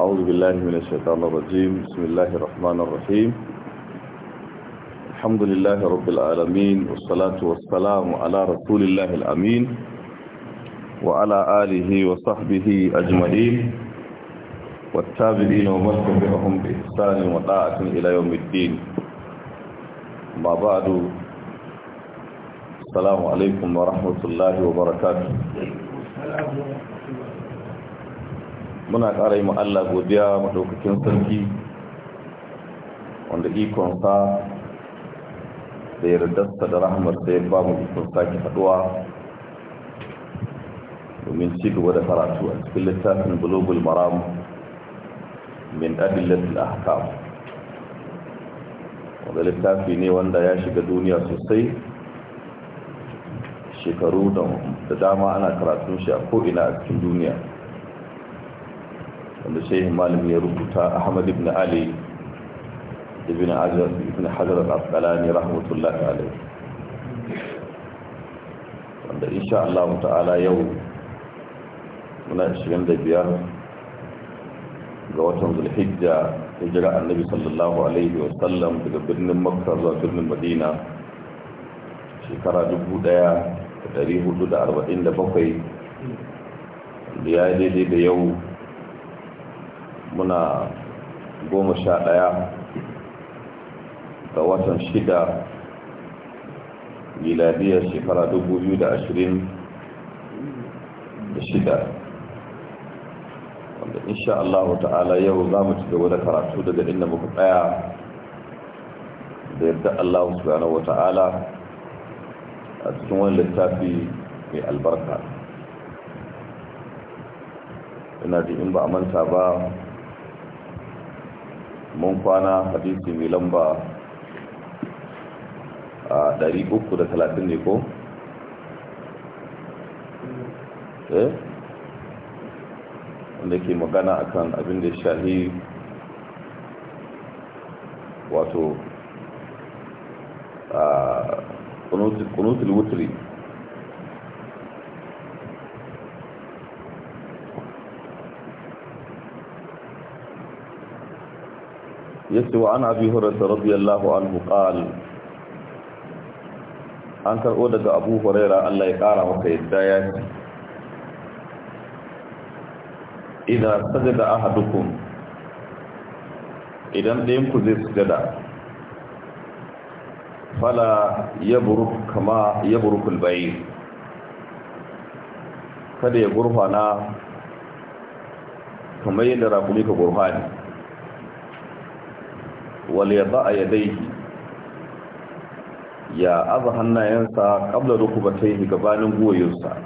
أعوذ بالله من الشيطان الرجيم بسم الله الرحمن الرحيم الحمد لله رب العالمين والصلاة والسلام على رسول الله الأمين وعلى آله وصحبه أجمعين والتابعين ومن تبعهم بإحسان وطاعة إلى يوم الدين ما بعد السلام عليكم ورحمة الله وبركاته muna ƙara yi Allah godiya maɗaukakin sarki wanda ikonsa da yardarsa da rahamarsa ya ba mu ikon sake faɗuwa domin ci gaba da karatu a cikin littafin global maram min adillatul ahkam wanda littafi ne wanda ya shiga duniya sosai shekaru da dama ana karatun shi a ko'ina a cikin duniya wanda shehin malami ya rubuta ahmad ibn ali ibn azhar ibn hajar al-asqalani rahmatullahi alayhi wanda insha Allah ta'ala yau muna da biyar ga watan zulhijja hijira annabi sallallahu alaihi wa sallam daga birnin makka zuwa birnin madina shekara 1447 da ya daidai da yau muna goma sha ɗaya ga watan shida miladiyar shekara dubu biyu da ashirin da shida wanda insha Allah ta'ala yau za mu ci gaba da karatu daga inda muka tsaya da yadda Allah subhanahu wa ta'ala a cikin wani littafi mai albarka ina da in ba a manta ba mun kwana hadisi mai lamba a talatin ne ko? eh? wanda ke magana akan abin da shahi wato a kunutul wuturi yace wa ana abi hurairah radiyallahu anhu qala an karbo daga abu hurairah Allah ya kara masa yadda ya ce idan sajada ahadukum idan ɗayan ku zai sujada fala yabruk kama yabrukul bayr kada ya gurfana kamar yadda rakumi ka gurfani wal yada'a yadayhi ya aza hannayensa qabla rukubatayhi gabanin goyonsa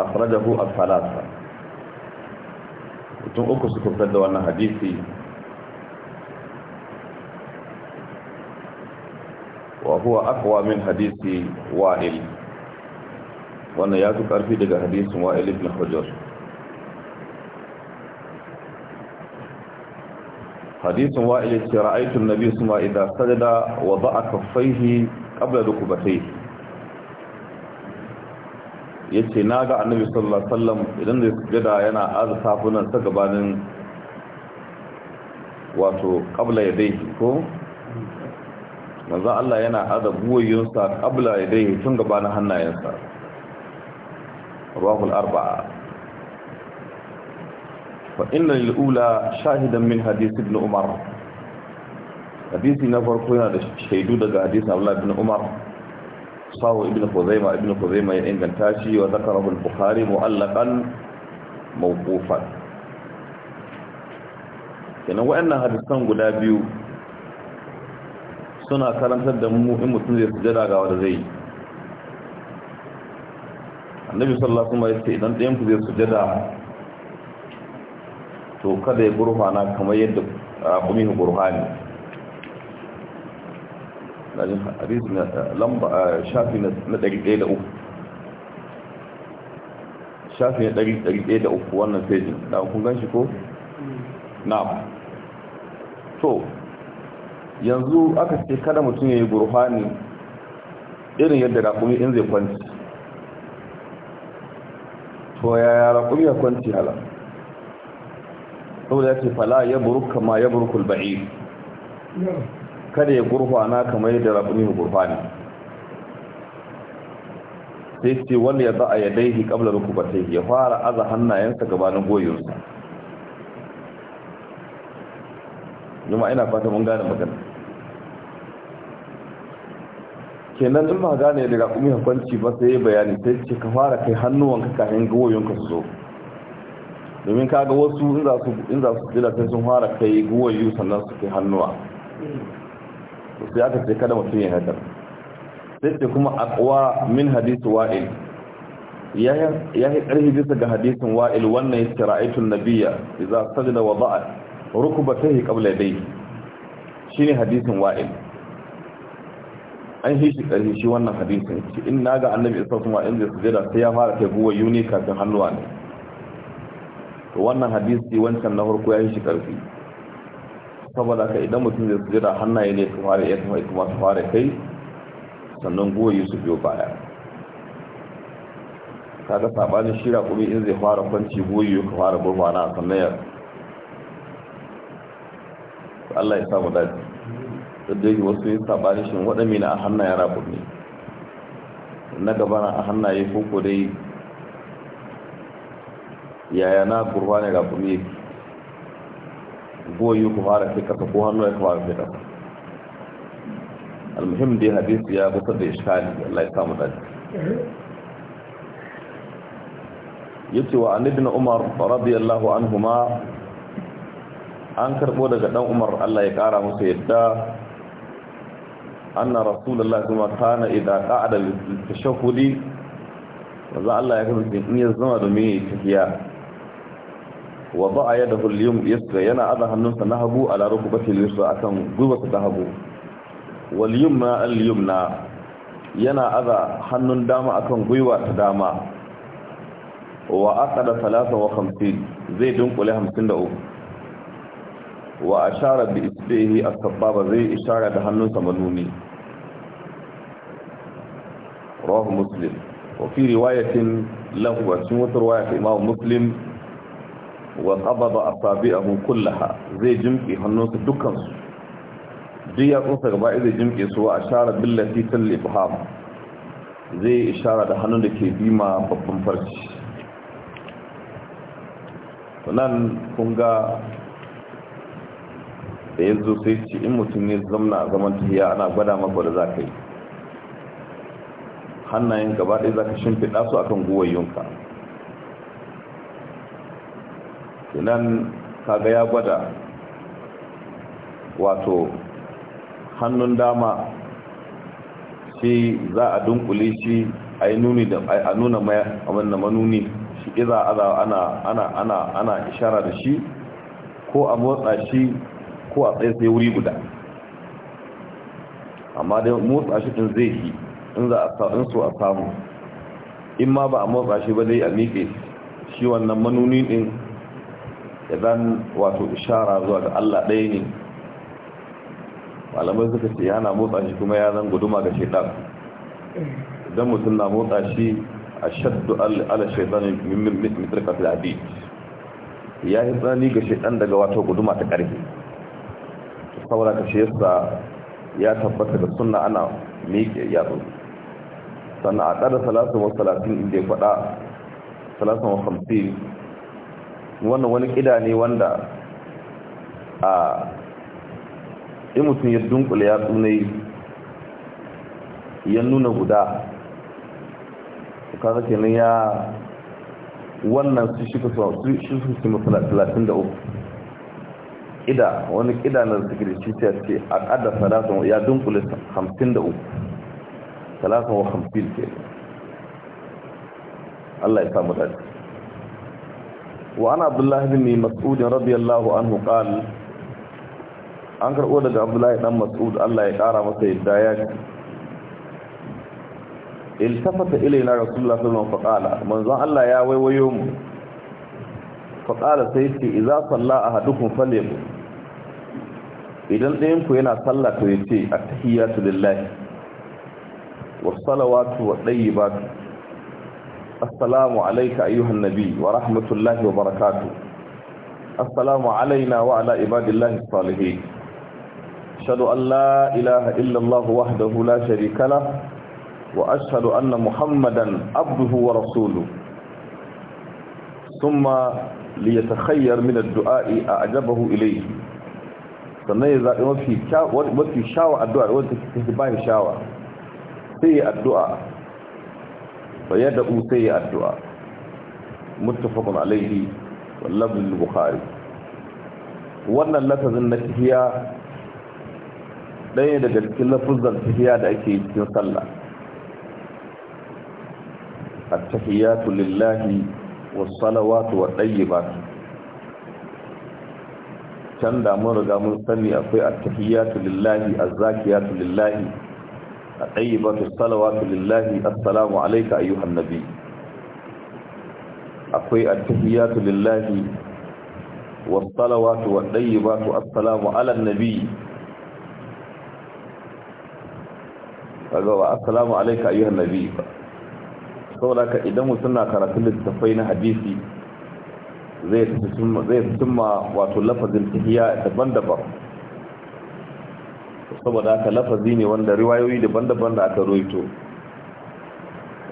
akhrajahu al-thalatha mutum uku su fitar da wannan hadisi wa huwa aqwa min hadisi wa'il wannan ya su karfi daga hadisin wa'il ibn hujr hadisin wa'il ya ce ra'aitun biyu suna idan sadada wa ba a kafaihi ƙabla da kubatai ya ce na ga annabi sallallahu alaihi wasallam idan da sujada yana aza safunan ta gabanin wato ƙabla ya dai ko manzan Allah yana aza buwayyunsa ƙabla ya dai tun gabanin hannayensa rahul arba'a فإن الأولى شاهدا من حديث ابن عمر حديث نفر كنا شهدوا دقى حديث عبد الله بن عمر صاو ابن خزيمة ابن خزيمة ينقل تاشي وذكره البخاري معلقا موقوفا kenan wa'annan hadisan guda biyu suna karantar da mu in mutum zai sujada ga wanda zai yi annabi sallallahu alaihi wasallam ya ce idan ɗayan ku zai sujada to kada ya na kamar yadda raƙumi gurfani lajin hadisi na lamba shafi na 103 shafi na uku wannan fejin da kun gan shi ko? Mm. na to yanzu aka ce kada mutum ya yi ne irin yadda raƙumi in zai kwanci to ya raƙumi ya kwanci halar saboda ya ce fala ya buru kama ya buru ba'i kada ya na kamar yadda mu gurfa gurfani sai ce wanda ya za'a ya daihi ƙablar rukubatai ya fara aza hannayensa gabanin goyonsa yamma ina fata mun gane magana kenan in ba gane daga kuma hukunci ba sai bayani sai ce ka fara kai hannuwanka kafin goyonka su zo domin kaga wasu in za su jira sai sun fara kai yi sannan su kai hannuwa sai aka ce kada mutum ya hadar sai ce kuma akwa min hadisu wa'il ya yi ƙarfi bisa ga hadisin wa'il wannan yake ra'aitun nabiya iza sajda wa ba'a yi qabla dai ne hadisin wa'il an yi shi ƙarfi shi wannan hadisin in na ga annabi isa kuma wa'il zai sujada sai ya fara kai guwayu ne kafin hannuwa ne to wannan hadisi wancan na farko ya yi shi karfi saboda ka idan mutum zai sujada hannaye ne su fara mai kuma su fara kai sannan goyi su biyo baya ga sabanin shira kuma in zai fara kwanci goyi ka fara na sannan ya Allah ya samu dace da yake wasu yin sabanin shi waɗanda na a hannaye rabin ne na gabana a hannaye koko dai yaya na gurbanin ga yake goyi ku fara fi kasa ko hannu ya fara fi kasa almuhim dai hadisi ya kusa da ishkali Allah ya samu dace yace wa an ibn umar radiyallahu anhuma an karbo daga dan umar Allah ya kara musu yadda anna rasulullahi kuma kana idza qa'ada li tashahhudi wanda Allah ya kasance in ya zama domin tafiya wa ba a yadda huliyum yasra yana aza hannunsa na hagu a larar kubatin yusra a kan gwiwarsa ta hagu waliyum na aliyum na yana aza hannun dama a kan gwiwa ta dama wa aka da talata wa hamsin zai dunkule hamsin da uku wa a shara bi isbehi a sababa zai ishara da hannunsa manuni rahu muslim wa fi riwayatin lahu a cikin wata riwaya ta imamu muslim wa qabada asabi'ahu kullaha zai jimki hannunsa dukkan su duk ya gaba zai jimke su a ashara billati tal ibham zai ishara da hannun da ke bima babban farci nan kun ga da yanzu sai ce in mutum ya zamna a zaman tafiya ana gwada maka da za ka yi hannayen gaba ɗaya za ka shimfiɗa su akan guwayyunka tunan kaga ya gwada wato hannun dama shi za a dunkule shi a yi nuni da a nuna abin manuni shi iza aza ana ana ana ana ishara da shi ko a motsa shi ko a tsaye sai wuri guda amma dai motsa shi din zai yi in za a in so a samu in ma ba a motsa shi ba dai a miƙe shi wannan manuni din Idan wato ishara zuwa ga Allah ɗaya ne malamai suka ce yana motsa shi kuma ya zan guduma ga shaidan idan mutum na motsa shi a shaddu ala shaidan min mitar kafin abi ya yi tsanani ga shaidan daga wato guduma ta ƙarfi saboda ka shi yasa ya tabbata da sunna ana miƙe yatsu sannan a ƙada salasun wasu salatin inda ya faɗa salasun wasu hamsin wannan wani kida ne wanda a in mutum ya dunkula ya tsunai ya nuna guda kaza kenan ya wannan su shi su su talatin da uku ƙida wani ƙida na shi ta ce a ƙada talatin ya dunkula hamsin da uku talatin wa hamsin ke Allah ya samu dace وعن عبد الله بن مسعود رضي الله عنه قال an karɓo daga abdullahi Ɗan mas'ud Allah ya ƙara masa yadda ya ce iltafata na rasulullah sallallahu alaihi faqala manzon Allah ya waiwayo mu faqala sai ce idza salla ahadukum falyaqul idan ɗayan ku yana sallah to yace at-tahiyatu lillahi was salawatu wat tayyibatu assalamu alaika ayyuhan nabi wa rahmatullahi wa barakatu assalamu alaina wa ala ibadillahi salihin ashhadu an la ilaha illallah wahdahu la sharika wa ashhadu anna muhammadan abduhu wa rasuluhu thumma liyatakhayyar min ad-du'a a'jabahu ilayhi sannan ya mafi shawa addu’a wadda take shawa sai addu’a fayar da sai ya addu'a muttafaqun alaihi wallabin bukhari wannan lafazin na tafiya ɗaya daga cikin lafuzar tafiya da ake yi cikin sallah at-tahiyatu lillahi was-salawatu wat-tayyibatu can da mun sani akwai a tahiyatu lillahi az-zakiyatu lillahi طيبة الصلوات لله السلام عليك أيها النبي أقوي التحيات لله والصلوات والطيبات السلام على النبي السلام عليك أيها النبي saboda idan mutum na karatun littattafai na hadisi zai fi cimma wato lafazin tahiya daban-daban saboda aka lafazi ne wanda riwayoyi daban-daban da aka roito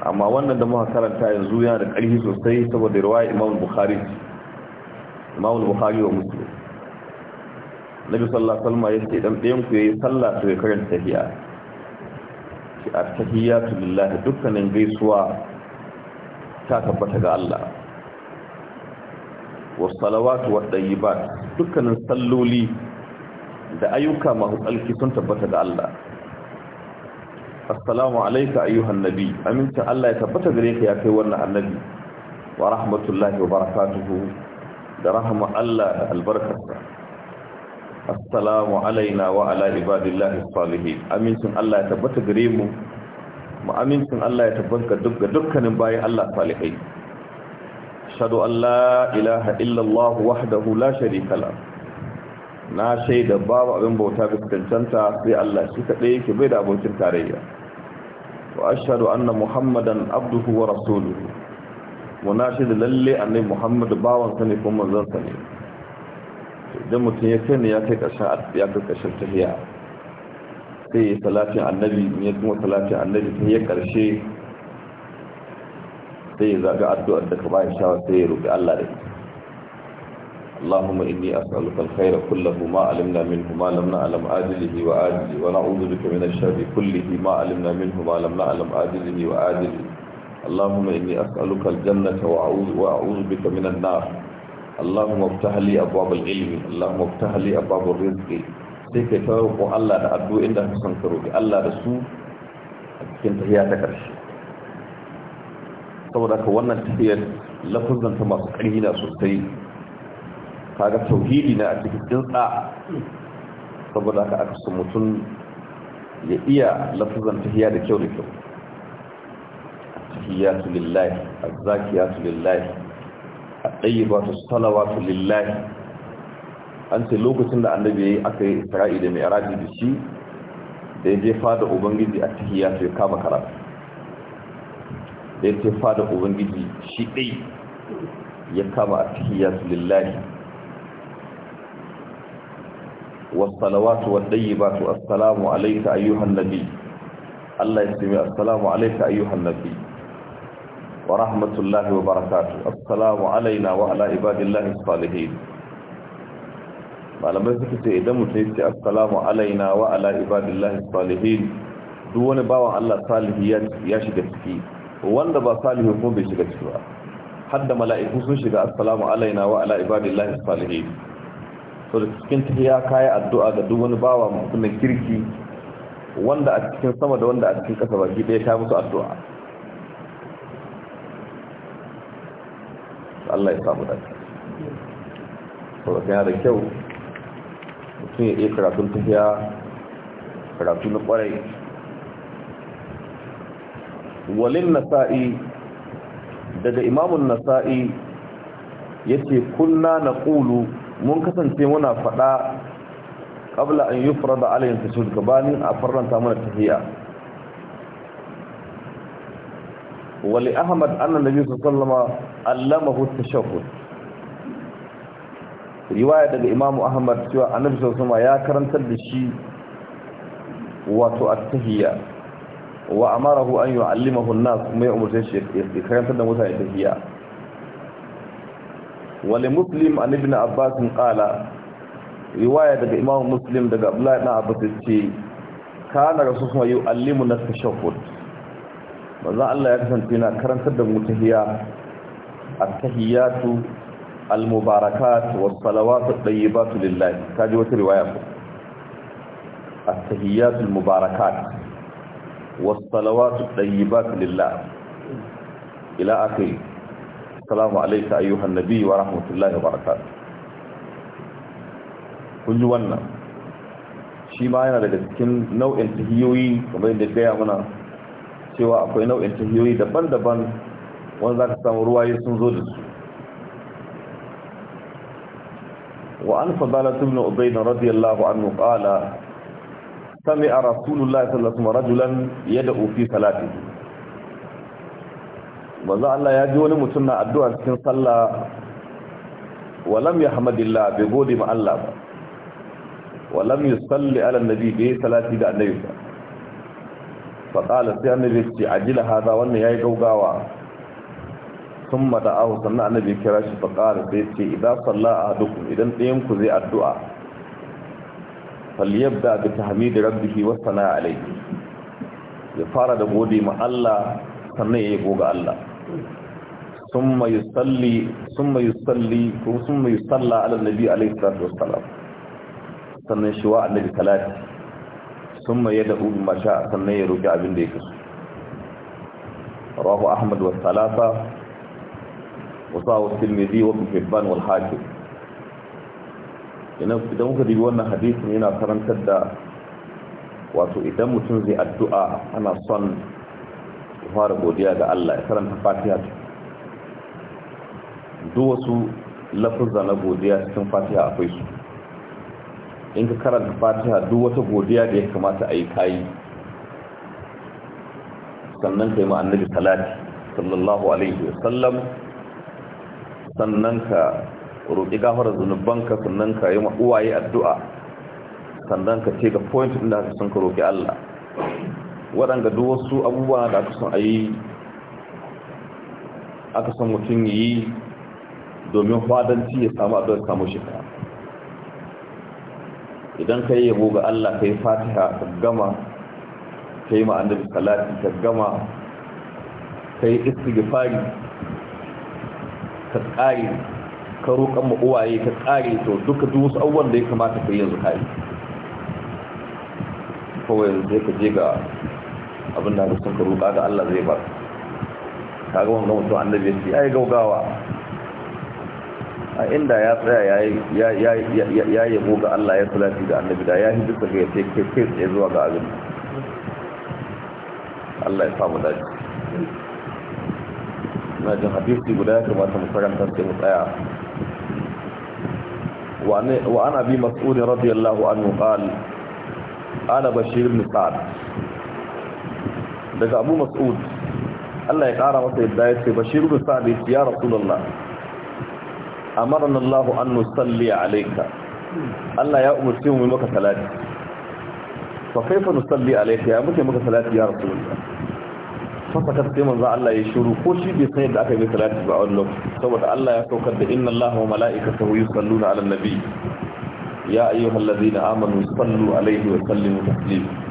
amma wannan da muka karanta yanzu yana da ƙarfi sosai saboda riwaya imam bukhari imam bukhari wa muslim nabi sallallahu alaihi wasallam yace dan ɗayan ku yayi sallah to ya karanta tahiyya shi a tahiyyatu lillahi dukkanin gaisuwa ta tabbata ga Allah was salawatu wat tayyibat dukkanin salloli da ayyuka masu tsalki sun tabbata da Allah assalamu alaika ayyuhan nabi aminta Allah ya tabbata gare ka ya kai wannan annabi wa rahmatullahi wa barakatuhu da rahama Allah da albarkarsa assalamu alaina wa ala ibadillahi salihin amincin Allah ya tabbata gare mu mu amincin Allah ya tabbata ga dukkanin bayan Allah salihai ashhadu an la ilaha illallah wahdahu la sharika lahu na shaida babu abin bauta bisa cancanta sai Allah shi kaɗai yake bai da abokin tarayya wa ashhadu anna muhammadan abduhu wa rasuluhu Mu na shaida lalle annabi muhammad bawan sa ne kuma manzon sa ne idan mutum ya kai ne ya kai ƙarshen ya kai ƙarshen tahiya sai ya salatin annabi ya kuma salatin annabi sai ya ƙarshe sai ya zaga addu'ar da ka bayan shawar sai ya roƙi Allah da ita اللهم إني أسألك الخير كله ما علمنا منه ما لم نعلم آجله وآجله ونعوذ بك من الشر كله ما علمنا منه ما لم نعلم آجله وآجله اللهم إني أسألك الجنة وأعوذ, وأعوذ بك من النار اللهم افتح لي أبواب العلم اللهم افتح لي أبواب الرزق سيك توقع الله أدو إنه سنكروك الله رسول كنت هي تكرش saboda ka wannan tafiyar lafazanta masu ƙarfi na sosai kaga tauhidi na a cikin tsinsa saboda ka aka su mutum ya iya lafazan tahiya da kyau da kyau su lillahi su lillahi at-tayyibatu salawatu lillahi an ce lokacin da annabi yayi aka yi isra'i da mi'raji da shi da ya je fada ubangiji a tahiyyatu ya kama karatu da ya je fada ubangiji shi dai ya kama a su lillahi والصلوات والطيبات السلام عليك أيها النبي الله يسمي السلام عليك أيها النبي ورحمة الله وبركاته السلام علينا وعلى عباد الله الصالحين malamai suka ce idan mutum yake assalamu alaina wa ala ibadillahi salihin duk wani bawan Allah salihi ya shiga ciki wanda ba salihi kuma bai shiga ciki ba hadda mala'iku sun shiga assalamu alaina wa ala ibadillahi salihin so da cikin tafiya kayi addu'a ga duk wani bawa mutumin kirki wanda a cikin sama da wanda a cikin kasa baki ɗaya ta musu addu'a Allah ya samu dace so da yana da kyau mutum ya iya karatun tafiya, karatu na kwarai walin nasa'i daga imamun nasa'i ya ce kunna na ƙulu mun kasance muna faɗa ƙabla an yi fura da alayin su gabanin a faranta mana tafiya wali ahmad annan da biyu sallama allama hutu shafut riwaya daga imamu ahmad cewa annabi sallama ya karantar da shi wato at-tahiyya wa amarahu an yi yu'allimahu an-nas kuma ya umarce shi ya karantar da mutane tafiya. wali muslim an ibn abbas qala riwaya daga imam muslim daga abdullahi na ibn abbas ce kana rasul kuma yu'allimuna tashahhud manzo Allah ya kasance na karantar da mu tahiyya at-tahiyatu al-mubarakat was-salawatu at-tayyibatu lillahi ji wata riwaya ko at-tahiyatu al-mubarakat was-salawatu at-tayyibatu lillahi ila akhirih assalamu Alayka ayyuhan nabi wa rahmatullahi wa barakatuh kun ji wannan shi ma yana daga cikin nau'in tahiyoyi kamar yadda gaya mana cewa akwai nau'in tahiyoyi daban-daban wanda za ka samu ruwaye sun zo da su وعن فضالة بن أبين رضي الله an muƙala. سمع a الله صلى الله عليه وسلم رجلا يدعو في صلاته manzo Allah ya ji wani mutum na addu'a cikin sallah walam yahmadillah bai gode ma Allah ba walam yusalli ala annabi bai salati da annabi ba fa qala sai annabi ce ajila hada wannan yayi gaugawa thumma da'ahu sannan annabi kira shi fa qala sai ce idan salla ahadukum idan ɗayan ku zai addu'a falyabda bi tahmidi rabbihi wa sana'a alayhi ya fara da gode ma Allah sannan ya yi goga Allah ثم يصلي ثم يصلي ثم يصلى على النبي عليه الصلاه والسلام ثم يشوا النبي ثلاث ثم يدعو بما شاء ثم يرجع من ذلك رواه احمد والثلاثه وصاو التلميذي وابن حبان والحاكم ina idan kuka dubi wannan hadisin yana karantar da wato idan mutum zai addu'a ana ta fara godiya ga Allah ya karanta fatiha ta. duk wasu lafuzza na godiya cikin fatiha akwai su in ka karanta fatiha duk wata godiya da ya kamata a yi kayi sannan ka yi ma'annabi talati sallallahu alaihi wasallam sannan ka roƙi gafarar zunubanka sannan ka yi uwaye addu'a sannan ka ce ga point inda da sun ka roƙi Allah waɗanda duk wasu abubuwa da aka son ayi, aka son mutum yi domin fadanci ya samu abin samu shekara idan ka yi yabo ga Allah ka yi fatiha ka gama ka yi ma'anar salati ka gama ka yi fari, ka tsari ka roƙon ma'uwaye ka tsari to duka duk wasu abubuwan da ya kamata ka yi yanzu ka kawai zai ka je ga abin da sun ka roƙa ga Allah zai ba kaga wanda mutum annabi ya ce ai gaugawa a inda ya tsaya ya yabo ga Allah ya salati ga annabi da yayi hindu ga ya kai kai sai zuwa ga abin Allah ya samu daji na jin hadisi guda ya kamata mu karanta sai mu tsaya wa ana bi mas'ud radiyallahu anhu qala ana bashir ibn sa'd daga abu mas'ud Allah ya kara masa yadda ya ce bashir bin sa'd ya rasulallah. amarna Allah an nusalli alayka Allah ya umurce mu maka salati fa kaifa nusalli alayka ya muke maka salati ya rasulullah fa fakat sai manzo Allah ya shiru ko shi bai san yadda aka yi salati ba wannan saboda Allah ya saukar da inna Allah wa mala'ikatahu yusalluna 'alan nabiy ya ayyuhallazina amanu sallu alayhi wa sallimu taslima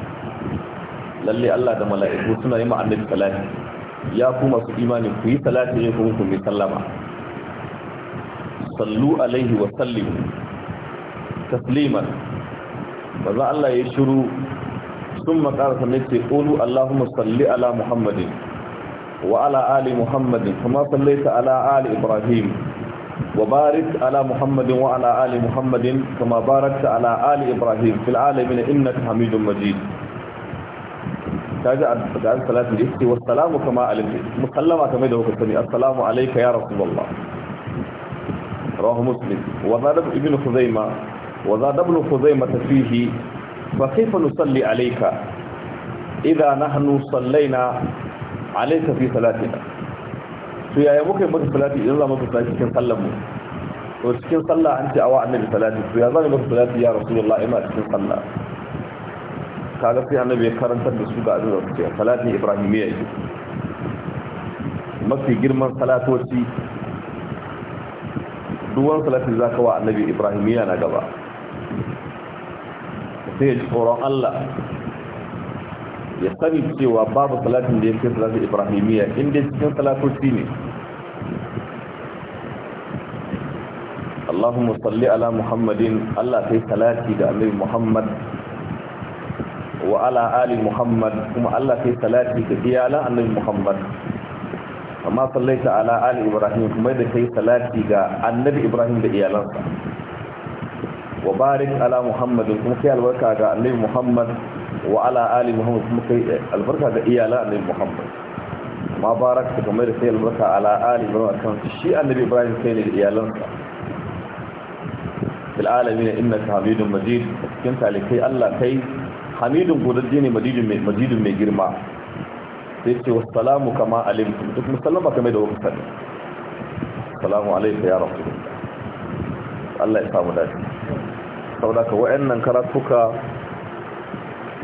lalle Allah da mala'iku suna yi ma annabi salati ya ku masu imani ku yi salati ne kuma ku yi sallama sallu alaihi wa sallimu tasliman ba za Allah ya shiru sun makarasa ne ce ƙolu Allahumma salli ala Muhammadin wa ala ali Muhammadin kuma sallaita ala ali Ibrahim wa وبارك على محمد وعلى آل محمد كما باركت على آل إبراهيم في العالمين إنك حميد مجيد kaji da salatu da yake wa salamu kama alaikum musallama kamar da kuka assalamu alaika ya rasulullah rawahu muslim wa zada ibn khuzaima wa zada ibn khuzaima fihi fa kayfa nusalli alayka idha nahnu sallaina alayka fi salatina to yaya muka yi maka salati idan za mu fita cikin sallar mu to cikin sallah an ce awa annabi salati to ya za mu maka salati ya rasulullah ima cikin sallah kaga sai annabi ya karantar da su ga abin da suke salatin ibrahimiyya yake mafi girman salatoci duwan salatin za ka wa annabi ibrahimiyya na gaba sai ya ji tsoron Allah ya sani cewa babu salatin da ya fi salatin ibrahimiyya inda cikin salatoci ne Allahumma salli ala Muhammadin Allah sai salati da annabi Muhammad wa ala ali muhammad kuma Allah kai salati ka iyalan la annabi muhammad amma sallaita ala ali ibrahim kuma da kai salati ga annabi ibrahim da iyalansa wa barik ala muhammad kuma kai albarka ga annabi muhammad wa ala ali muhammad kuma kai albarka ga iyalan annabi muhammad ma baraka kuma da kai albarka ala ali ibrahim kan shi annabi ibrahim kai ne da iyalansa fil alamin innaka hamidum majid cikin talikai Allah kai hamidun godajje ne majidun mai girma sai ce wasu salamu kama alimtum duk musallama kamar da wakil sani salamu alaika ya rasu Allah ya samu dace saboda ka wa'annan karatuka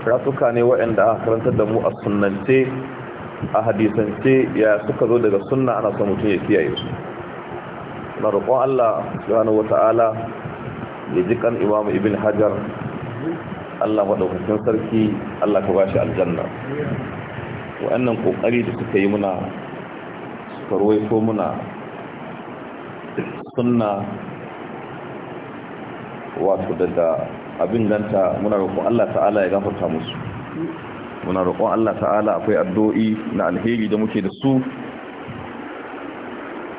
karatuka ne wa'anda aka karantar da mu a sunnance a hadisance ya suka zo daga sunna ana son mutum ya kiyaye su na roƙon Allah subhanahu wata'ala ya ji kan imamu ibn hajar Allah maɗaukacin sarki Allah ka ba shi aljanna wa'annan ƙoƙari da suka yi muna suka ko muna sunna wato daga abin ganta muna roƙon Allah ta'ala ya gafarta musu muna roƙon Allah ta'ala akwai addu'o'i na alheri da muke da su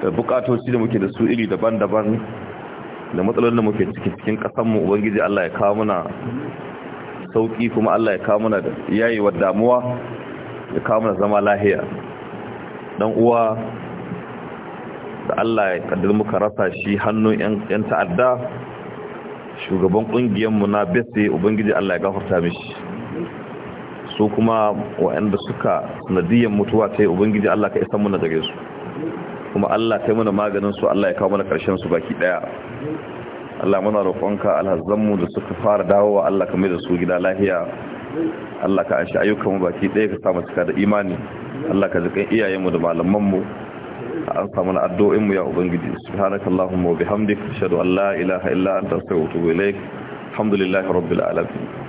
da bukatoci da muke da su iri daban-daban da matsalolin da muke cikin cikin kasanmu ubangiji Allah ya kawo muna sauki kuma Allah ya kawo mana da yayi wa damuwa ya kawo mana zama lahiya dan uwa da Allah ya kaddar muka rasa shi hannun yan ta'adda shugaban kungiyar mu na bese ubangiji Allah ya gafarta mishi su kuma waɗanda suka sanadiyyar mutuwa ta yi ubangiji Allah ka isa muna gare su kuma Allah ta yi muna maganin su Allah ya kawo mana ƙarshen su baki ɗaya Allah muna roƙonka alhazzanmu da suka fara dawo dawowa Allah ka mai da su gida lahiya Allah ka anshi ayyukanmu baki ɗaya ka samu cika da imani Allah ka jikan iyayenmu da malamanmu an samu na addu'o'inmu ya ubangiji subhanaka allahumma wa bihamdik ashhadu an la ilaha illa anta astaghfiruka wa atubu ilaik alhamdulillahi rabbil